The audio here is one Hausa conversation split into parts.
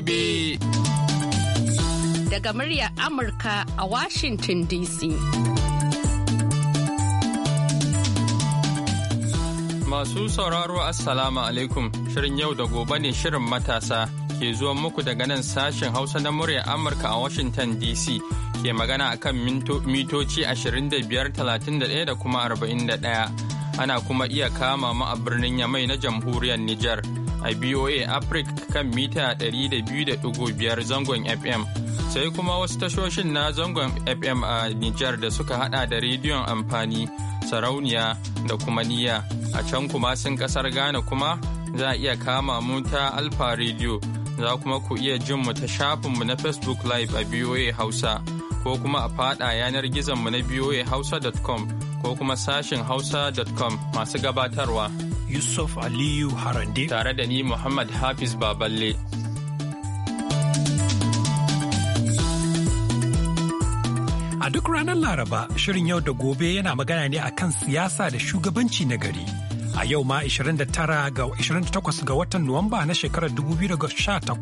gobe. Daga muryar Amurka a Washington DC. Masu sauraro Assalamu alaikum Shirin yau da gobe ne Shirin matasa ke zuwa muku daga nan sashen Hausa na murya Amurka a Washington DC ke magana a kan mitoci 25,31 da kuma 41. Ana kuma iya kama mu a birnin Yamai na jamhuriyar Nijar. a BOA Africa kan mita 200.5 zangon FM. Sai kuma wasu tashoshin na zangon FM a Nijar da suka hada da rediyon amfani, sarauniya da kuma niya. A can kuma sun kasar Ghana kuma za a iya kama mu ta Alfa Radio. Za kuma ku iya jin mu ta shafinmu na Facebook Live a BOA Hausa. Ko kuma a fada yanar gizonmu na boahausa.com ko kuma sashin hausa.com masu gabatarwa. Yusuf Aliyu Harande. Tare da ni Muhammad Hafiz Baballe. A duk ranar Laraba, shirin yau da gobe yana magana ne akan siyasa da shugabanci na gari. A yau ma 29 ga 28 ga watan Nuwamba na shekarar 2018,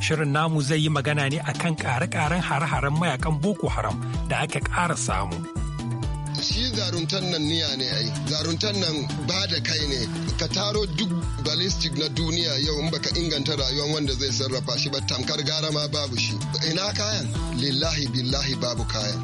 shirin namu zai yi magana ne akan ƙare-ƙaren hare-haren mayakan Boko Haram da aka ƙara samu. shi zaruntan nan niya ne ai zaruntan nan ba da kai ne ka taro duk ballistic na duniya yau in baka inganta rayuwar wanda zai sarrafa shi ba tamkar gara ma babu shi ina kayan lillahi billahi babu kayan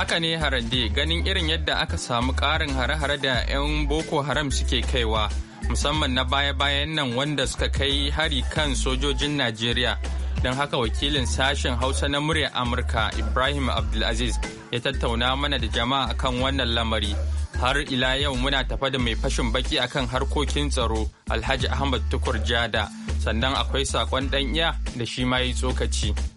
haka ne harande ganin irin yadda aka samu ƙarin hare-hare da 'yan boko haram suke kaiwa musamman na baya-bayan nan wanda suka kai hari kan sojojin Najeriya. Don haka wakilin sashen Hausa na muryar Amurka Ibrahim Abdulaziz ya tattauna mana da jama'a akan wannan lamari. Har ila yau muna tafa da mai fashin baki akan harkokin tsaro Alhaji Ahmad Tukur Jada, sannan akwai saƙon ɗan iya da shi ma yi tsokaci.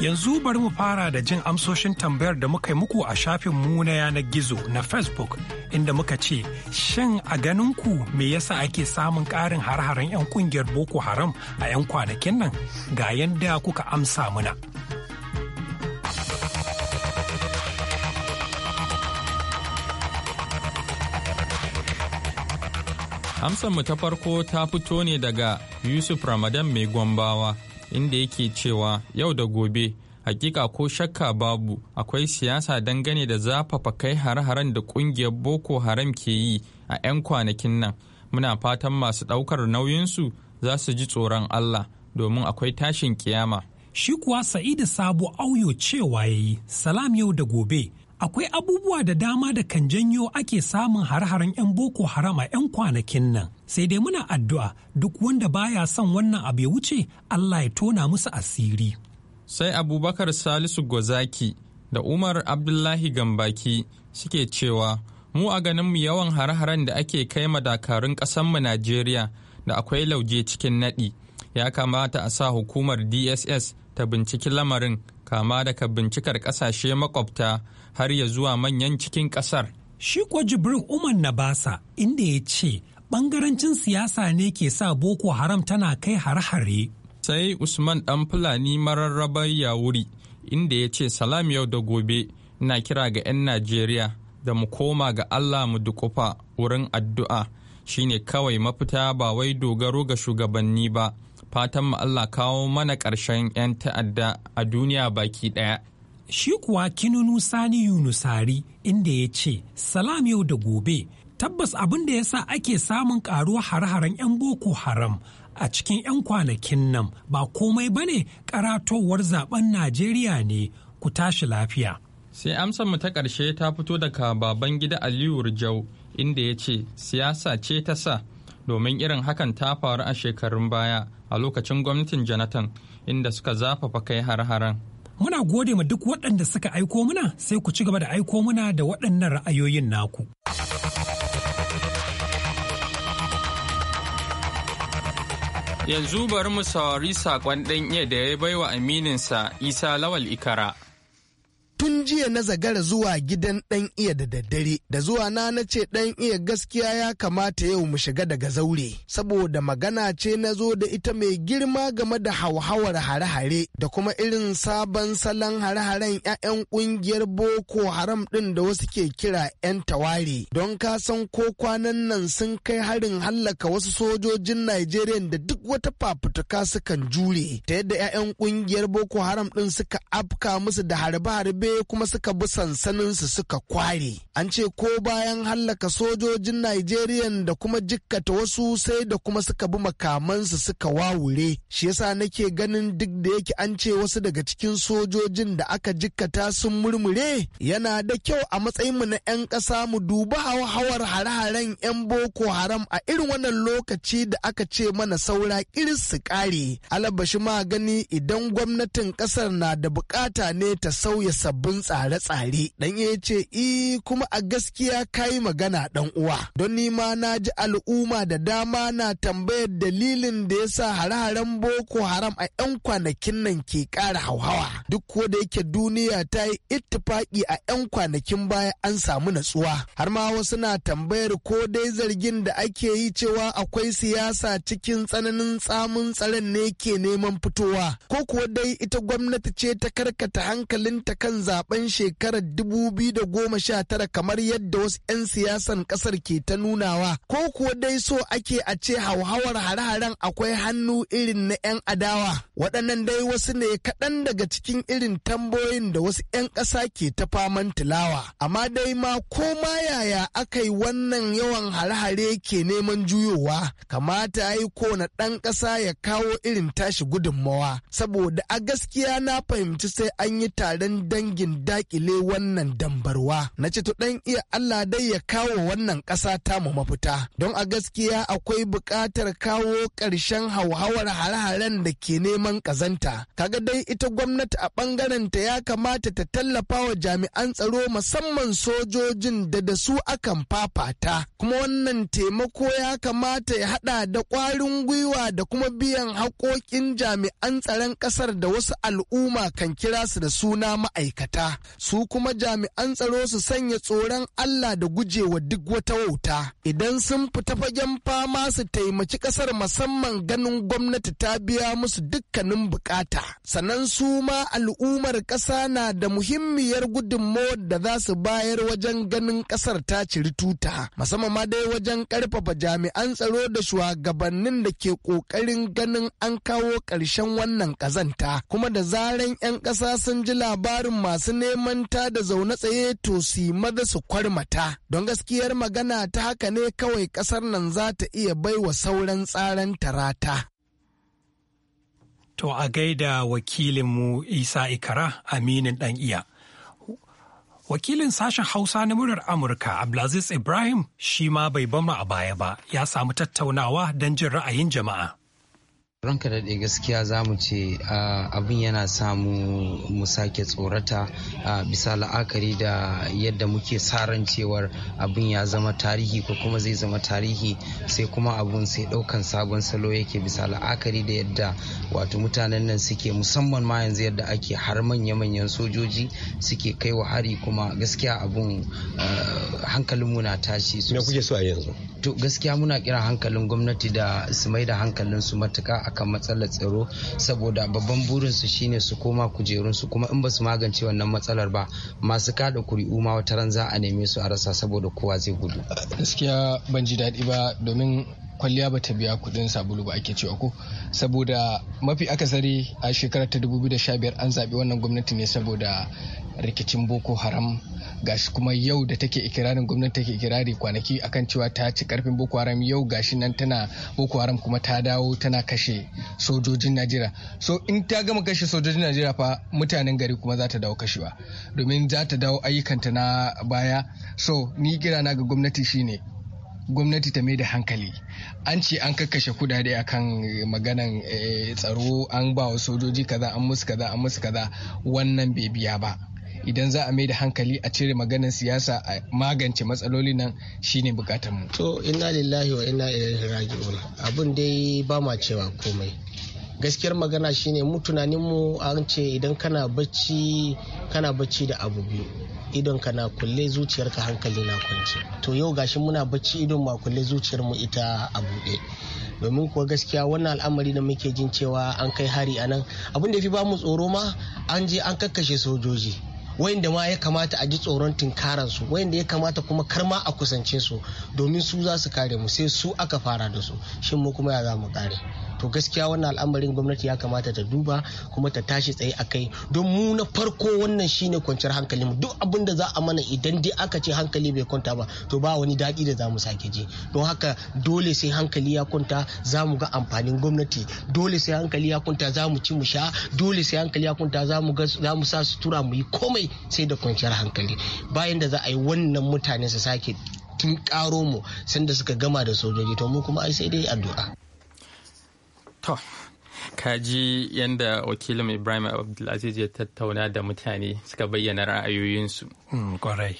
Yanzu bari mu fara da jin amsoshin tambayar da muka yi muku a shafin mu na yanar gizo na Facebook inda muka ce, Shin a ganinku me yasa ake samun ƙarin har-haren 'yan ƙungiyar Boko Haram a 'yan kwanakin nan? Ga yanda kuka amsa muna. Amsanmu ta farko ta fito ne daga Yusuf Ramadan mai gombawa inda yake cewa yau da gobe hakika ko shakka babu akwai siyasa dangane da zafafa kai hare-haren da kungiyar boko haram ke yi a 'yan kwanakin nan muna fatan masu ɗaukar nauyinsu za su ji tsoron allah domin akwai tashin kiyama shi kuwa sa'idu sabo auyo cewa ya yi salam yau da gobe akwai abubuwa da dama da kan janyo ake samun har-haren 'yan boko haram a 'yan kwanakin nan sai dai muna addu'a duk wanda baya son wannan abu ya wuce allah ya tona musu asiri sai abubakar salisu gozaki da Umar Abdullahi Gambaki suke cewa mu a ganinmu yawan har haren da ake kai ma dakarun ƙasanmu Najeriya da akwai lauje cikin naɗi ya kamata a sa hukumar DSS ta binciki lamarin kama daga bincikar ƙasashe makwabta har ya zuwa manyan cikin ƙasar. Shi kuwa Jibril Umar Nabasa inda ya ce ɓangarancin siyasa ne ke sa Boko Haram tana kai har-hare. Sai Usman ɗan Fulani mararrabar ya wuri inda ya ce salam yau da gobe na kira ga 'yan Najeriya da mu koma ga Allah mu dukufa wurin addu'a shine kawai mafita ba wai dogaro ga shugabanni ba. fatan mu Allah kawo mana ƙarshen 'yan ta'adda a duniya baki ɗaya. Shi kuwa kinunu Sani Yunusari inda ya ce, Salam yau da gobe, tabbas abin da ya sa ake samun ƙaruwa har-haren 'yan Boko Haram a cikin 'yan kwanakin nan ba komai ba ne karatowar zaben Najeriya ne ku tashi lafiya. Sai amsar mu ta ƙarshe ta fito daga baban gida Aliyu Rijau inda ya ce siyasa ce ta sa domin irin hakan ta faru a shekarun baya a lokacin gwamnatin Janatan, inda suka zafafa kai har-haren. Muna gode ma duk waɗanda suka aiko muna sai ku ci gaba da aiko muna da waɗannan ra'ayoyin naku. Yanzu bari mu saurari saƙon ɗan iya da ya baiwa amininsa Isa Lawal Ikara. jiya na zagara zuwa gidan ɗan iya da daddare da zuwa na na ce ɗan iya gaskiya ya kamata yau mu shiga daga zaure saboda magana ce na zo da ita mai girma game da hauhawar hare-hare da kuma irin sabon salon hare-haren 'ya'yan ƙungiyar boko haram ɗin da wasu ke kira 'yan taware don ka san ko kwanan nan sun kai harin hallaka wasu sojojin Najeriya da duk wata fafutuka sukan jure ta yadda 'ya'yan ƙungiyar boko haram ɗin suka afka musu da harbe-harbe kuma suka bi sansaninsu suka kware an ce ko bayan hallaka sojojin Najeriya da kuma jikkata wasu sai da kuma suka bi makamansu suka wawure shi yasa nake ganin duk da yake an ce wasu daga cikin sojojin da aka jikkata sun murmure yana da kyau a matsayinmu na 'yan ƙasa mu duba hawar hare-haren 'yan boko haram a irin wannan lokaci da aka ce mana saura irin su ƙare alabashi ma gani idan gwamnatin ƙasar na da bukata ne ta sauya sabbin tsare-tsare dan ya ce i eh, kuma a gaskiya kayi magana dan uwa don ni ma na ji al'umma da dama na tambayar dalilin da ya sa hare-haren boko haram a 'yan kwanakin nan ke ƙara hauhawa duk ko da yake duniya ta yi ittifaki a 'yan kwanakin baya an samu natsuwa har ma wasu na tambayar ko dai zargin da ake yi cewa akwai siyasa cikin tsananin tsamin tsaron ne ke neman fitowa ko kuwa dai ita gwamnati ce ta karkata hankalinta kan zaɓe zaben shekarar 2019 kamar yadda wasu 'yan siyasan kasar ke ta nunawa ko kuwa dai so ake a ce hauhawar hare-haren akwai hannu irin na 'yan adawa waɗannan dai wasu ne kaɗan daga cikin irin tambayoyin da wasu 'yan ƙasa ke ta faman tilawa amma dai ma ko ma yaya aka yi wannan yawan hare-hare ke neman juyowa kamata ya yi na ɗan ƙasa ya kawo irin tashi gudunmawa saboda a gaskiya na fahimci sai an yi taron dangin dakile wannan dambarwa na ce to dan iya Allah dai ya kawo wannan ƙasa ta mu mafita don a gaskiya akwai buƙatar kawo ƙarshen hauhawar hare-haren da ke neman ƙazanta kaga dai ita gwamnati a ɓangaren ta ya kamata ta tallafa wa jami'an tsaro musamman sojojin da da su akan fafata kuma wannan taimako ya kamata ya haɗa da ƙwarin gwiwa da kuma biyan haƙoƙin jami'an tsaron ƙasar da wasu al'umma kan kira su da suna ma'aikata su kuma jami'an tsaro su sanya tsoron Allah da gujewa duk wata wauta idan sun fita fagen fama su taimaki kasar musamman ganin gwamnati ta biya musu dukkanin bukata sannan su ma al'ummar kasa na da muhimmiyar gudunmawar da za su bayar wajen ganin kasar ta ciri tuta musamman ma dai wajen karfafa jami'an tsaro da shugabannin da ke kokarin ganin an kawo ƙarshen wannan kazanta kuma da zaran 'yan ƙasa sun ji labarin masu neman ta da zaune tsaye to su maza su kwarmata don gaskiyar magana ta haka ne kawai kasar nan za ta iya baiwa sauran tsaran tarata. To a gaida wakilinmu Isa Ikara Aminin ɗan iya. Wakilin sashen Hausa na murar Amurka Abdulaziz Ibrahim shi ma bai bama a baya ba ya samu tattaunawa don jin ra'ayin jama'a. ranka daɗe gaskiya za mu ce abin yana samu mu sake tsorata bisa la'akari da yadda muke saran cewar abin ya zama tarihi ko kuma zai zama tarihi sai kuma abun sai ɗaukan sabon salo yake bisa la'akari da yadda wato mutanen nan suke musamman ma yanzu yadda ake har manya-manyan sojoji suke kai wa hari kuma gaskiya abun hankalin na tashi su gaskiya muna kira hankalin gwamnati da su mai da hankalin su matuka akan matsalar tsaro saboda babban burinsu shine su koma kujerun su kuma in ba su magance wannan matsalar ba masu kada kuri'u ma wata ran za a neme su a rasa saboda kowa zai gudu gaskiya ban ji daɗi ba domin kwalliya bata biya kudin sabulu ba ake cewa ko saboda mafi akasari a shekarar ta 2015 an zaɓi wannan gwamnati ne saboda rikicin boko haram gashi kuma yau da take ikirarin gwamnati take ikirari kwanaki akan cewa ta ci karfin boko haram yau gashi nan tana boko haram kuma ta dawo tana kashe sojojin najeriya so in ta gama kashe sojojin najeriya fa mutanen gari kuma za ta dawo kashewa domin za ta dawo ayyukanta na baya so ni kira na ga gwamnati shine gwamnati ta mai da hankali an ce an kakkashe kudade akan eh, maganan eh, tsaro an ba wa sojoji kaza an musu kaza an musu kaza wannan bai biya ba idan za a mai da hankali a cire maganar siyasa a magance matsaloli nan shine bukatar mu to inna lillahi wa inna ilaihi raji'un abun dai ba ma cewa komai gaskiyar magana shine mu tunanin mu an ce idan kana bacci kana bacci da abu biyu idonka na kulle zuciyarka hankali na kwance to yau gashi muna bacci idon ma kulle zuciyar mu ita a buɗe domin kuwa gaskiya wannan al'amari da muke jin cewa an kai hari a nan abin da ya fi ba mu tsoro ma an je an kakkashe sojoji wayanda ma ya kamata a ji tsoron tinkaran su wayanda ya kamata kuma karma a kusance su domin su za su kare mu sai su aka fara da su shin mu kuma ya za mu kare to gaskiya wannan al'amarin gwamnati ya kamata ta duba kuma ta tashi tsaye a kai don mu na farko wannan shine kwanciyar hankalin mu duk abin da za a mana idan dai aka ce hankali bai kwanta ba to ba wani daɗi da za mu sake ji don haka dole sai hankali ya kwanta za mu ga amfanin gwamnati dole sai hankali ya kwanta za mu ci mu sha dole sai hankali ya kwanta za mu za mu sa sutura mu yi komai sai da kwanciyar hankali bayan da za a yi wannan mutane su sake tun karo mu sanda suka gama da sojoji to mu kuma ai sai dai addu'a To, kaji yadda wakilin Ibrahim Abdulaziz ya tattauna da mutane suka bayyana ra'ayoyinsu. Mm, kwarai.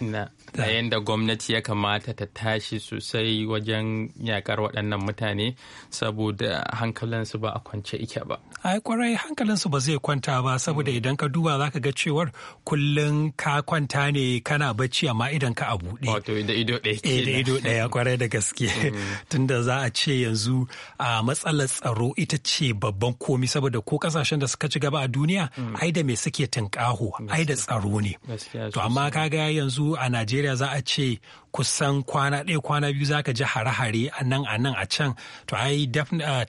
Na. yayin da gwamnati ya kamata ta tashi sosai wajen yakar waɗannan mutane saboda hankalinsu ba a kwance ike ba. Ai kwarai hankalinsu ba zai kwanta ba saboda mm. idan ka duba za ka ga cewar kullum ka kwanta ne kana bacci amma idan ka a buɗe. Wato da ido ɗaya ke eh, da ido ɗaya kwarai da gaske. Mm. Tunda za a ce yanzu a matsalar tsaro ita ce babban komi saboda ko kasashen da suka ci gaba a duniya mm. ai da me suke tunƙaho ai da tsaro ne. To amma ga yanzu a Najeriya najeriya za a ce kusan kwana ɗaya kwana biyu za ka ji hare-hare a nan a nan a can to ai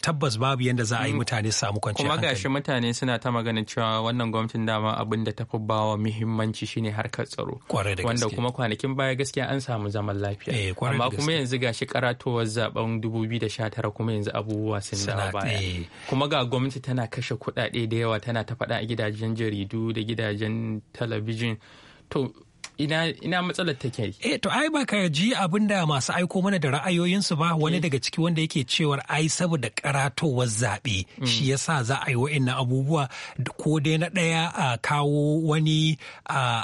tabbas babu yadda za a yi mm. mutane su samu kwanciyar hankali kuma gashi mutane suna ta magana cewa wannan gwamnatin dama abin da ta fi bawa muhimmanci shine harkar tsaro wanda kuma kwanakin baya gaskiya an samu zaman lafiya eh, amma kuma yanzu gashi karatowar zaben 2019 kuma yanzu abubuwa sun da baya eh. kuma ga gwamnati tana kashe kuɗaɗe da yawa tana ta faɗa a gidajen jaridu da gidajen talabijin to ina ina matsalar take eh to ai baka ji abinda masu aiko mana da ra'ayoyinsu ba wani eh. daga ciki wanda yake cewar ai saboda karatowar zaɓe mm. shi yasa za a yi wa'annan abubuwa ko dai na ɗaya a kawo wani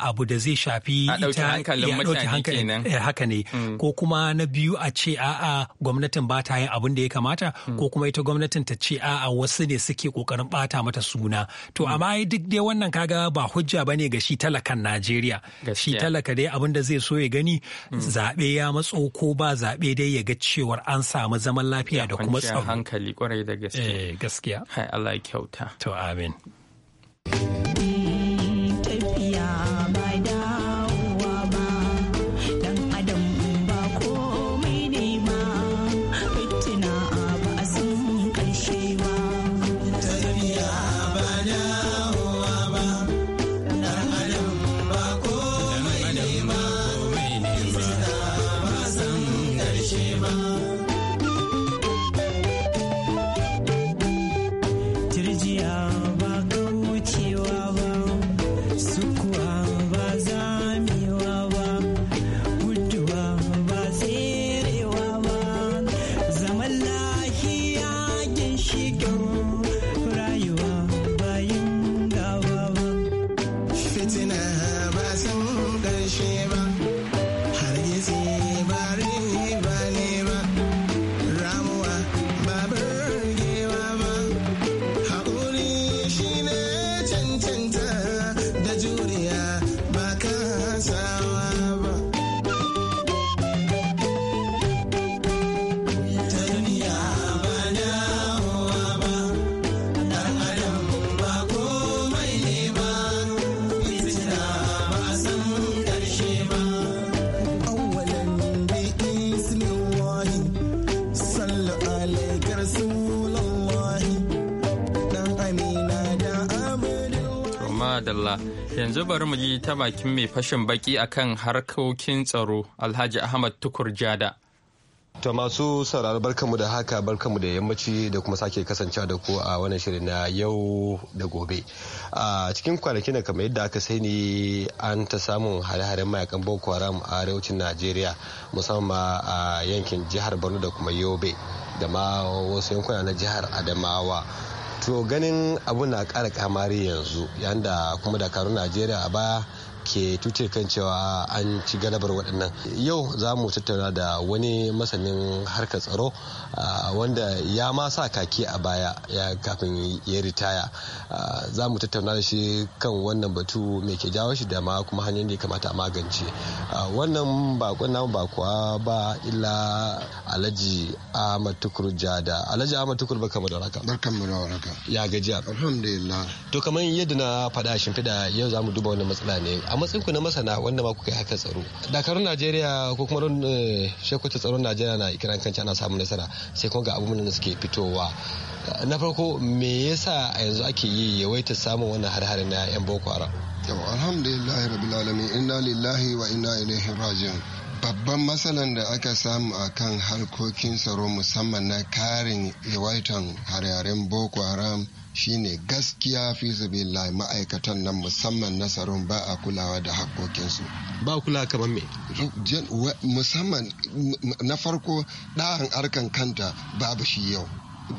abu da zai shafi ita ya ɗauki hankali eh, haka ne mm. ko kuma na biyu a ce a'a gwamnatin ba ta yin abin da ya kamata mm. ko kuma ita gwamnatin ta ce a'a wasu ne suke kokarin bata mata suna to amma duk dai wannan kaga ba hujja bane ga shi talakan Najeriya shi talaka dai abin da zai so ya gani zaɓe ya matso ko ba zaɓe dai ya ga cewar an samu zaman lafiya da kuma tsaro. hankali kwarai da gaskiya. Eh, gaskiya. Hai Allah kyauta. To amin. Tafiya. Abdullah. yanzu bari mu ji ta bakin mai fashin baki akan harkokin tsaro alhaji ahmad tukur jada ta masu sauraro barkamu da haka barkamu da yammaci da kuma sake kasancewa da ku a wannan shirin na yau da gobe a cikin kwanakin da kamar yadda aka sani an ta samun hare-haren mayakan boko haram a arewacin najeriya musamman a yankin jihar borno da kuma yobe da ma wasu yankuna na jihar adamawa to ganin abu na ƙara kamari yanzu yanda da kuma dakarun najeriya a baya ke tuce kan cewa an ci galabar waɗannan yau za mu tattauna da wani masanin harkar tsaro wanda ya ma sa kaki a baya kafin ya ritaya za mu tattauna da shi kan wannan batu mai ke jawo shi da ma kuma hanyar da ya kamata a magance wannan bakon namu ba kuwa ba illa alhaji ahmad tukur jada alhaji ahmad tukur baka da waraka barkan mu da waraka ya gajiya alhamdulillah to kamar yadda na faɗa shimfiɗa yau za mu duba wannan matsala ne matsayin ku na masana wanda ma kuka haka tsaro dakarun najeriya ko kuma don eh, shekwata tsaron najeriya na kiran kanci ana samun nasara sai kuma ga abubuwan da suke fitowa na farko me yasa a yanzu ake yi yawaita samun wannan har-hari na yan boko haram yau alhamdulillahi rabbil alamin inna lillahi wa inna ilaihi raji'un babban matsalan da aka samu a kan harkokin tsaro musamman na karin yawaitan har haren boko haram shine gaskiya fi sabilillahi ma'aikatan nan musamman nasarun ba a kulawa da hakokinsu ba kula kamar me musamman na farko ɗa'an arkan kanta babu shi yau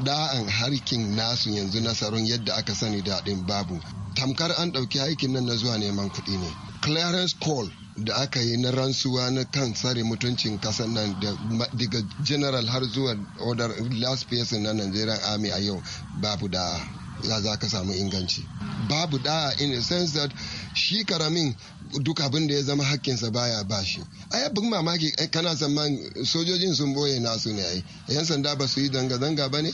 ɗa'an harkin nasu yanzu nasarun yadda aka sani daɗin babu tamkar an ɗauki aikin nan na zuwa neman kuɗi ne clarence cole da aka yi na ransuwa na kan tsari mutuncin kasar nan daga general har zuwa order last person na nigerian army a yau babu da Ya za ka samu inganci babu da in a sense that shi karamin duk abin da ya zama hakkinsa baya bashi ai abin mamaki kana zaman sojojin sun boye nasu ne ai yan sanda ba su yi zanga-zanga ba ne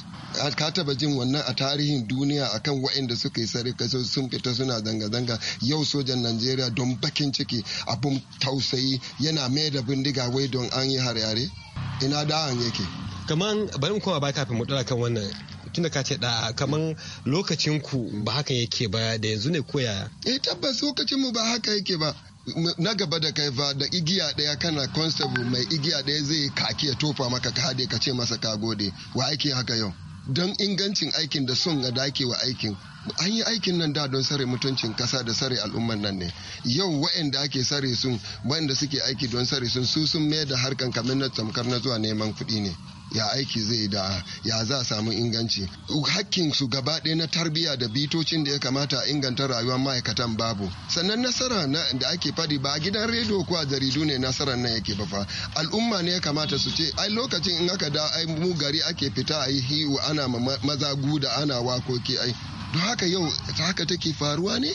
ka taba jin wannan a tarihin duniya akan wa'inda suka yi sarika sun fita suna zanga-zanga yau sojan najeriya don bakin ciki abin tausayi yana mai da bindiga wai don an yi har-yare ina da'an yake kaman bari mu koma ba kafin mu kan wannan tunda ka ce da kaman lokacin ku ba haka yake ba da yanzu ne ko koya eh tabbas lokacin mu ba haka yake ba na gaba da kai fa da igiya daya kana constable mai igiya daya zai kaki ya tofa maka ka hade ka ce masa ka gode wa aiki haka yau don ingancin aikin da son ga dake wa aikin an yi aikin nan da don sare mutuncin kasa da sare al'ummar nan ne yau waɗanda ake sare sun waɗanda suke aiki don sare sun su sun mayar da harkan kamar na tamkar na zuwa neman kuɗi ne ya aiki zai da ya za a samu inganci hakkin su gaba ɗaya na tarbiyya da bitocin da ya kamata inganta rayuwar ma'aikatan babu sannan nasara da ake fadi ba a gidan rediyo ko a jaridu ne nasarar nan yake bafa al'umma ne ya kamata su ce ai lokacin in aka da ai mu gari ake fita a yi hiwu ana maza guda ana wakoki ai don haka yau haka take faruwa ne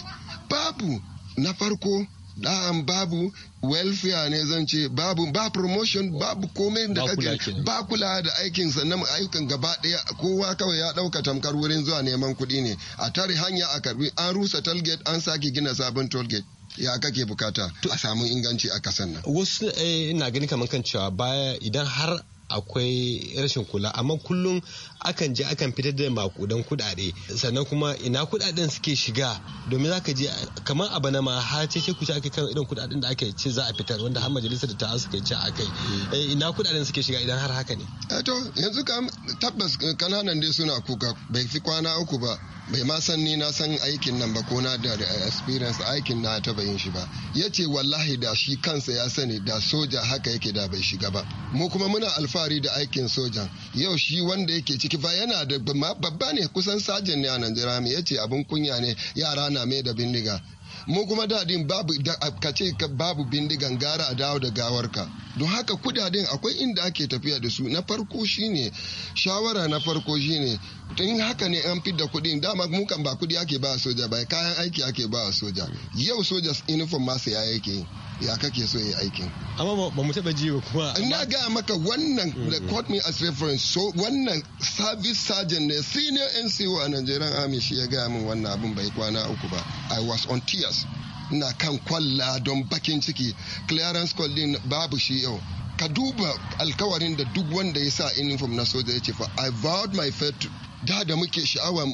babu na farko da'an babu welfare ne zan ce babu ba promotion babu komai da kake ba kula da aikin sannan ayyukan gaba daya kowa kawai ya dauka tamkar wurin zuwa neman kuɗi ne a tare hanya a karbi an rusa tollgate an sake gina sabon tollgate ya kake bukata a samu inganci a kasan nan wasu eh, na gani kamar kan cewa baya idan har akwai rashin kula amma kullum akan je akan fitar da makudan kudade sannan kuma ina kudaden suke shiga domin za ka je kamar a bana ma har ce ke kuce ake kan irin kudaden da ake ce za a fitar wanda har majalisar ta suka ce akai eh, ina kudaden suke shiga idan har haka ne eh, to yanzu kam tabbas kananan dai suna kuka bai fi kwana uku ba bai ma san ni na san aikin nan ba ko na da experience aikin na ta bayin shi ba yace wallahi da shi kansa ya sani da soja haka yake da bai shiga ba mu kuma muna alfa alfahari da aikin sojan yau shi wanda yake ciki fa yana da babba ne kusan sajan ne a najeriya ya ce abin kunya ne yara na mai da bindiga mu kuma dadin babu ka ce babu bindigan gara a dawo da gawarka don haka kudaden akwai inda ake tafiya da su na farko shine shawara na farko shine in haka ne an fidda kudin dama mu kan ba kuɗi ake ba soja ba kayan aiki ake ba soja yau soja uniform masu ya yake ya kake so yi aikin. Amma ba mu taba jiwa kuma. Ina gaya maka wannan the mm-hmm. court me as reference so wannan service sergeant ne senior NCO a Nigerian Army shi ya gaya min wannan abin bai kwana uku ba. I was on TV years na kan kwalla don bakin ciki clearance call din babu shi yau ka duba alkawarin da duk wanda ya sa uniform na soja ya ce fa i vowed my faith da da muke sha'awa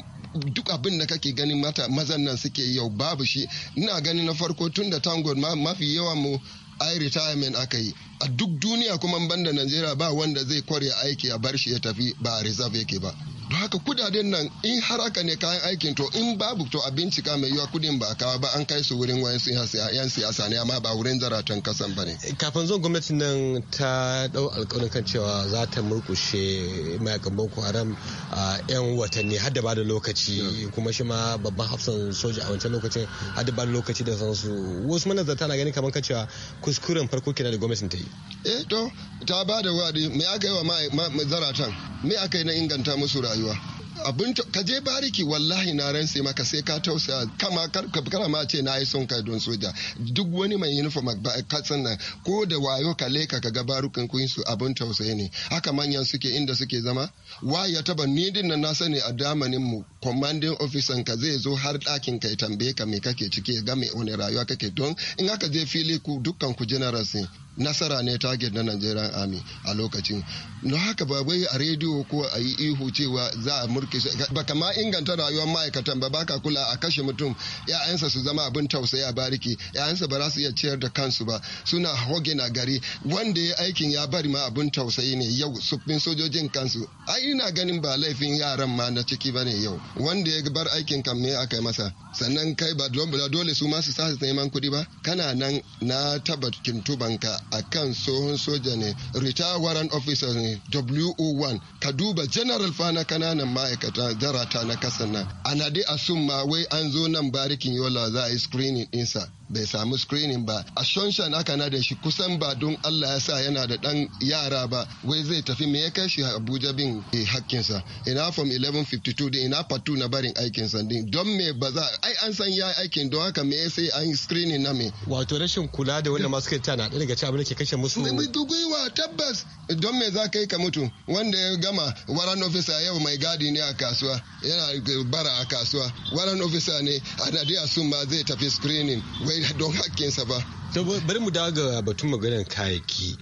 duk abin da kake ganin mata mazan nan suke yau babu shi ina gani na farko tun da tangon mafi yawan mu ai retirement aka yi a duk duniya kuma banda najeriya ba wanda zai kware aiki a bar shi ya tafi ba a reserve yake ba don haka kudaden nan in har haka ne kayan aikin to in babu to a bincika mai yiwa kudin ba kawa ba an kai su wurin wayan yan siyasa ne amma ba wurin zaratan kasan ba ne eh, kafin zuwan gwamnati nan ta dau alƙawarin kan cewa za ta murkushe mayakan boko haram a yan watanni har da bada lokaci hmm. kuma shi ma babban hafsan soja a wancan lokacin har da bada lokaci da sansu wasu manazarta na ganin kamar kan cewa kuskuren farko kenan da gwamnatin ta yi eh to ta ba da wadi me aka yi wa zaratan me aka yi na inganta musu rayuwa abin ka je bariki wallahi na ran ransa maka sai ka tausaya kama kar ma ce na yi son kai don soja duk wani mai uniform ba katsan nan ko da wayo ka leka ka ga barukan kun su abin tausayi ne haka manyan suke inda suke zama waya taba ni din nan na sani a damanin mu commanding officer ka zai zo har dakin ka ya tambaye ka me kake ciki ga me wani rayuwa kake don in aka je fili ku dukkan ku generals ne nasara ne target na Nigerian Army a lokacin. na haka ba wai a rediyo ko a yi ihu cewa za a murke ba kama inganta rayuwar ma'aikatan ba baka kula a kashe mutum ya'yansa su zama abin tausayi a bariki ya'yansa ba za su iya ciyar da kansu ba suna hoge na gari wanda ya aikin ya bari ma abin tausayi ne yau sufin sojojin kansu ai ina ganin ba laifin yaran ma na ciki bane yau wanda ya bar aikin kan me aka masa sannan kai ba dole su ma su sa neman kuɗi ba kana nan na taba kintubanka a kan tsohon soja ne retire warrant officer ne wo1 ka duba general Fana kananan ma'aikata zarata na kasa nan ana dai a sun ma wai an zo nan barikin yola za a yi screening insa. bai samu screening ba a shonshan aka na da shi kusan ba don allah ya sa yana da dan yara ba wai zai tafi me ya kai shi abuja bin eh, hakkinsa ina from 1152 din ina part na barin sa din don me ba za ai an san ya aikin don haka me sai an screening na me wato rashin kula da wanda masu kai tana daga cewa abin da ke kashe musu mai wa tabbas don me za ka yi ka mutu wanda ya gama waran officer yau mai gadi ne a kasuwa yana bara a kasuwa waran officer ne a nadiya sun ma zai tafi screening wai don hakkinsa ba. bari mu dawo ga batun maganar kayayyaki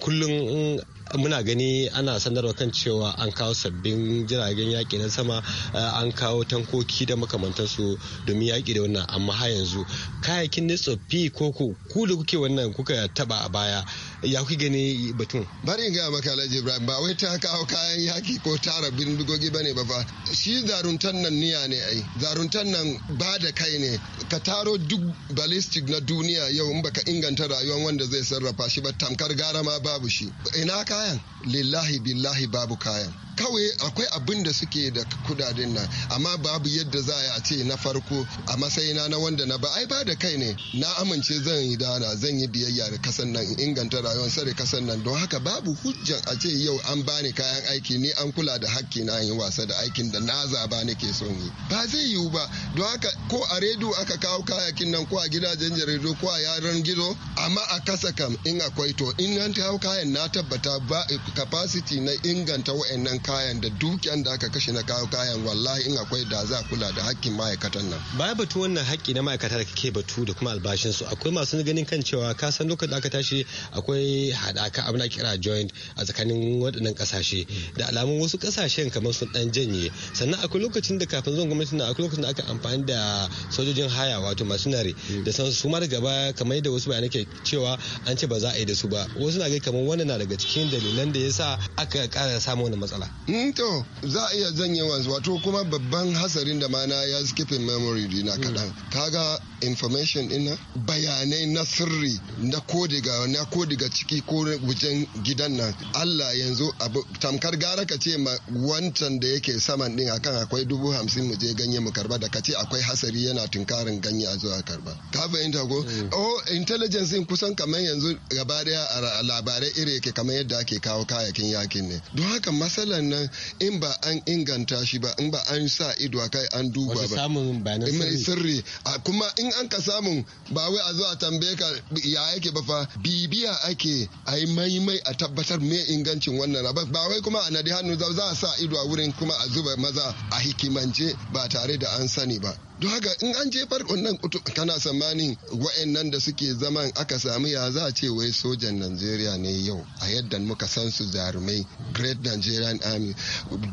kullum muna gani ana sanarwa kan cewa an kawo sabbin jiragen yaƙi na sama an kawo tankoki da makamantansu domin yaƙi da wannan amma har yanzu kayayyakin ne tsoffi ko ku da kuke wannan kuka taba a baya ya kuke gani batun bari in gaya maka alhaji ibrahim ba wai ta kawo kayan yaki ko tara bindigogi bane ba fa shi zaruntan nan niya ne ai zaruntan nan ba da kai ne ka taro duk ballistic na duniya yau in baka inganta rayuwar wanda zai sarrafa shi ba tamkar gara ma babu shi ina kayan lillahi billahi babu kayan kawai akwai abin da suke da kudaden nan amma babu yadda za a ce na farko a matsayina na wanda na ba ai ba da kai ne na amince zan yi dana zan yi biyayya da kasan nan inganta rayuwar sare kasan nan don haka babu hujjan a ce yau an bani kayan aiki ni an kula da hakki na yi wasa da aikin da na zaba nake son yi ba zai yiwu ba don haka ko a rediyo aka kawo kayakin nan ko a gidajen jaridu ko a yaran gizo amma a kasa kam in akwai to in an kawo kayan na tabbata ba capacity na inganta wa'annan kayan da dukiyan da aka kashe na kawo kayan wallahi in akwai da za kula da hakkin ma'aikatan nan baya batu wannan hakki na ma'aikata da kake batu da kuma albashin su akwai masu ganin kan cewa ka san lokacin da aka tashi akwai hadaka abin da kira joint a tsakanin waɗannan ƙasashe da alamun wasu ƙasashen kamar sun dan janye sannan akwai lokacin da kafin zuwan gwamnati na akwai lokacin da aka amfani da sojojin haya wato masinare da san su ma gaba kamar yadda wasu bayanai ke cewa an ce ba za a yi da su ba wasu na ga kamar wannan na daga cikin dalilan da yasa aka ƙara samun wannan matsala Mm, to za a iya wa wato kuma babban hasarin da ma na ya skipping memory dina mm. kaɗan kaga information ina bayanai na sirri na ko na ko ciki ko wajen gidan nan Allah yanzu abu tamkar gara ka ce ma wancan da yake saman din akan akwai dubu hamsin mu je ganye mu karba da ka ce akwai hasari yana tunkarin ganye a zuwa karba ka fahimta ko mm. oh intelligence din kusan kamar yanzu gaba daya a labarai iri yake kamar yadda ake kawo kayakin yakin ne don haka masala tsaron nan in ba an inganta shi ba in ba an sa ido kai an duba ba eh, mai sirri kuma in an ka samun ba wai a zo a tambaye ka ya yake ba fa bibiya ake a yi maimai a tabbatar me ingancin wannan ba wai kuma a nadi hannu za a sa ido a wurin kuma a zuba maza a hikimance ba tare da an sani ba don haka in an jefar wannan kana tsammanin wa'annan da suke zaman aka samu ya za a ce wai sojan najeriya ne yau a yadda muka san su jarumai great nigerian army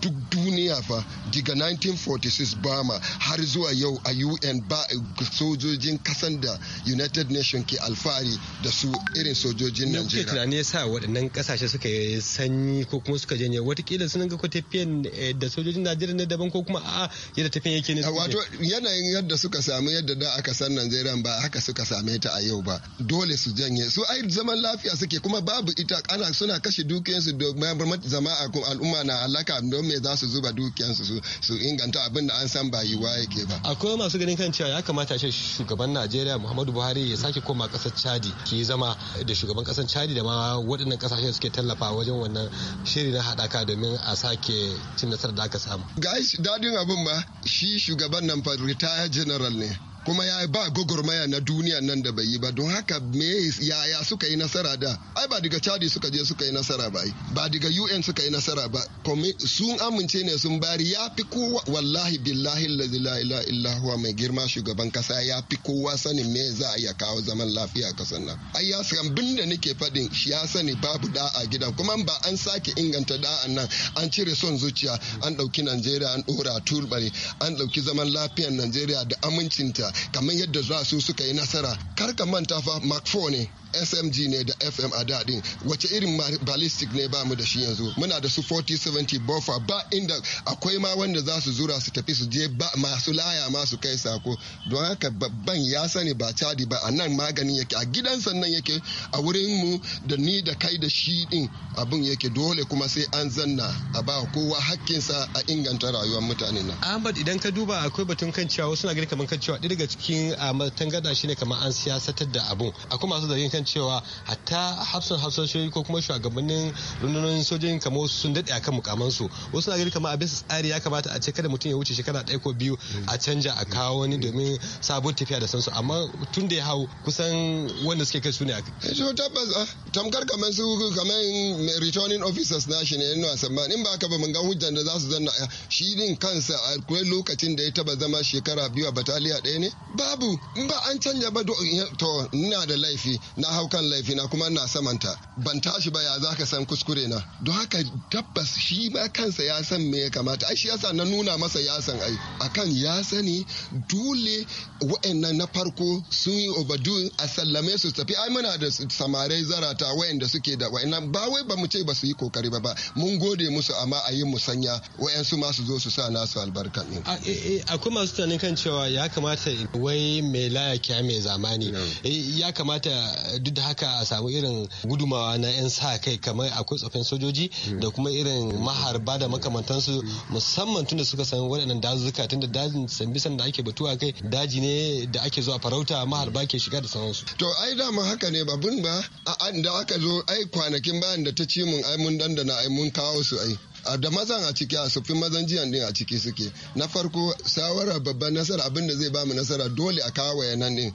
duk duniya fa diga 1946 bama har zuwa yau a un ba sojojin kasan da united nation ke alfahari da su irin sojojin najeriya tunani sa waɗannan kasashe suka sanyi ko kuma suka janye watakila sun ga ko tafiyan eh, da sojojin najeriya ne daban ko kuma a yadda tafiyan yake ne wato yanayi bayan yadda suka samu yadda da aka san Najeriya ba haka suka same ta a yau ba dole su janye su ai zaman lafiya suke kuma babu ita ana suna kashe dukiyansu domin jama'a kuma al'umma na alaka don me za su zuba dukiyansu su su inganta abin da an san ba yiwa yake ba akwai masu ganin kan cewa ya kamata ce shugaban Najeriya Muhammadu Buhari ya sake koma kasar Chadi ki zama da shugaban kasar Chadi da ma waɗannan kasashen suke tallafa wajen wannan shiri na haɗaka domin a sake cin nasarar da aka samu gashi dadin abin ba shi shugaban nan fa kaya general ne kuma ya ba gogormaya na duniya nan da bai yi ba don haka me yaya suka yi nasara da ai ba daga chadi suka je suka yi nasara ba ba daga un suka yi nasara ba sun amince ne sun bari ya fi kowa wallahi billahi la ilaha illa mai girma shugaban kasa ya fi kowa sanin me za a iya kawo zaman lafiya kasan nan ai ya san bin da nake fadin shi ya sani babu da a gidan kuma ba an sake inganta da'an nan an cire son zuciya an ɗauki najeriya an dora tulbare an ɗauki zaman lafiyar najeriya da amincinta kamar yadda za su suka yi nasara kar ka manta fa mark ne smg ne da fm a daɗin wace irin ballistic ne ba mu da shi yanzu muna da su 40-70 buffer ba inda akwai ma wanda za su zura su tafi su je ba masu laya masu kai sako don haka babban ya sani ba cadi ba a nan magani yake a gidan sannan yake a wurin mu da ni da kai da shi din abin yake dole kuma sai an zanna a ba kowa hakkinsa a inganta rayuwar mutane nan ahmad idan ka duba akwai batun kan cewa wasu na gani kamar kan cewa ɗaya daga daga cikin ah, shi ne kamar an siyasatar da abun akwai masu zargin kan cewa hatta hafsan hafsoshi ko kuma shugabannin rundunonin sojojin kamar wasu sun daɗe akan mukamansu wasu na gani kamar a bisa tsari ya kamata a ce kada mutum ya wuce shekara ɗaya ko biyu a canja a kawo wani domin sabon tafiya da sansu amma tun da ya hau kusan wanda suke kai su ne a so eh, tabbas ah, tamkar kamar su kamar returning officers na shi ne yana wasan in ba haka ba mun ga hujjan da za su zanna ah, shi din kansa akwai lokacin da ya taba zama shekara biyu a bataliya ɗaya ne babu in ba an canja ba to ina da laifi na hau kan laifi na kuma na samanta ban tashi ba ya za ka san kuskure na don haka tabbas shi ma kansa ya san me ya kamata ai shi yasa na nuna masa ya san ai akan ya sani dole wa'annan na farko sun yi obadu a sallame su tafi ai muna da samarai zarata wa'anda suke da wa'annan ba wai ba mu ce ba su yi kokari ba mun gode musu amma a yi musanya wa'ansu ma su zo su sa nasu albarkan eh, eh, akwai masu tunanin kan cewa ya kamata wai mai layaki mai zamani mm. eh, ya kamata duk da haka a samu irin gudumawa na 'yan sa kai kamar akwai tsofin sojoji mm. da kuma irin maharba da makamantansu musamman tunda suka san waɗannan dazuka tunda dajin sambisan da ake batuwa kai daji ne da ake zuwa farauta maharba ke shiga da sauransu. to ai dama haka ne babun ba a da aka zo ai kwanakin bayan da ta ci mun ai mun dandana ai mun kawo su ai da mazan a ciki a sufin mazan jiyan din a ciki suke na farko shawara babban nasara abin da zai mu nasara dole a kawo nan din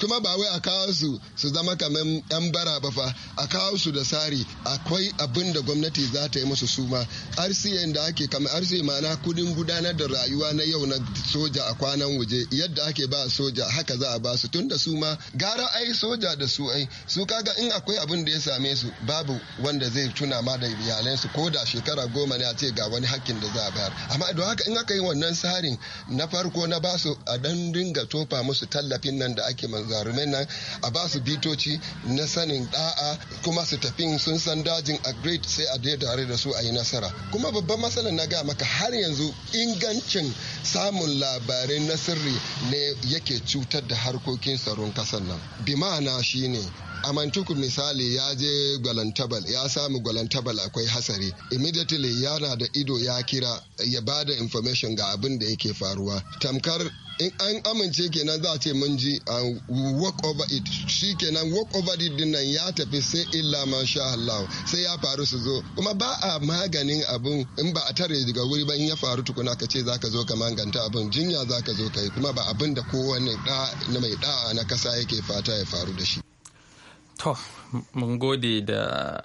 kuma ba wai a kawo su su zama kamar yan bara ba fa a kawo su da sari akwai abin da gwamnati za ta yi musu suma rca da ake kamar rca ma'ana kudin gudanar da rayuwa na yau na soja a kwanan waje yadda ake ba soja haka za a ba su tunda su ma gara ai soja da su ai su kaga in akwai abin da ya same su babu wanda zai tuna ma da iyalansu ko da shekara goma roma ne a ce ga wani hakkin da za a bayar amma don haka in aka yi wannan tsarin na farko na ba su a dan dinga tofa musu tallafin nan da ake manzarumin nan a ba su bitoci na sanin da'a kuma su tafi sun san dajin a great sai a dai tare da su a yi nasara kuma babban matsalar na ga maka har yanzu ingancin samun labarai na sirri ne yake cutar da harkokin tsaron kasar nan bi ma'ana shine amantuku misali ya je gwalantabal ya samu gwalantabal akwai hasari immediately yana da ido ya kira ya ba da information ga abin da yake faruwa tamkar in an amince kenan za a ce mun ji an walk over it shi kenan walk over it din nan ya tafi sai illa ma sha Allah sai ya faru su zo kuma ba a maganin abun in ba a tare daga wuri ba in ya faru tukuna ka ce zaka zo ka manganta abun jinya zaka zo kai kuma ba abin da kowane da mai da'a na kasa yake fata ya faru da shi To, mun gode da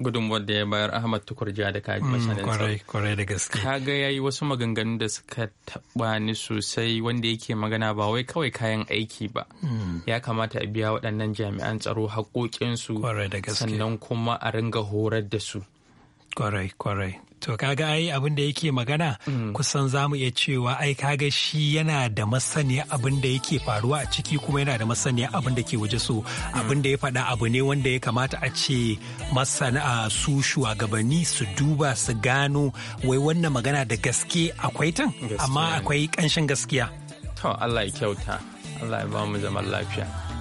gudunmuwar da ya bayar Ahmad Tukurja da kaji mm, mashanin kwarai kwarai da gaske kaga yayi wasu maganganu da suka taba ni sosai wanda yake magana ba wai kawai kayan aiki ba mm. ya kamata a biya waɗannan jami'an tsaro haƙoƙinsu sannan kuma a ringa horar da su kwarai kwarai To kaga ai abin da yake magana mm. kusan za mu iya cewa ai kaga shi yana da masaniya abin da yake faruwa a ciki kuma yana da masaniya abin da ke waje so mm. abin da ya faɗa abu ne wanda ya kamata a ce masana su shugabanni su duba su gano wai wannan magana da gaske akwai tan amma akwai ƙanshin gaskiya. To Allah ya kyauta Allah ya ba mu zaman lafiya.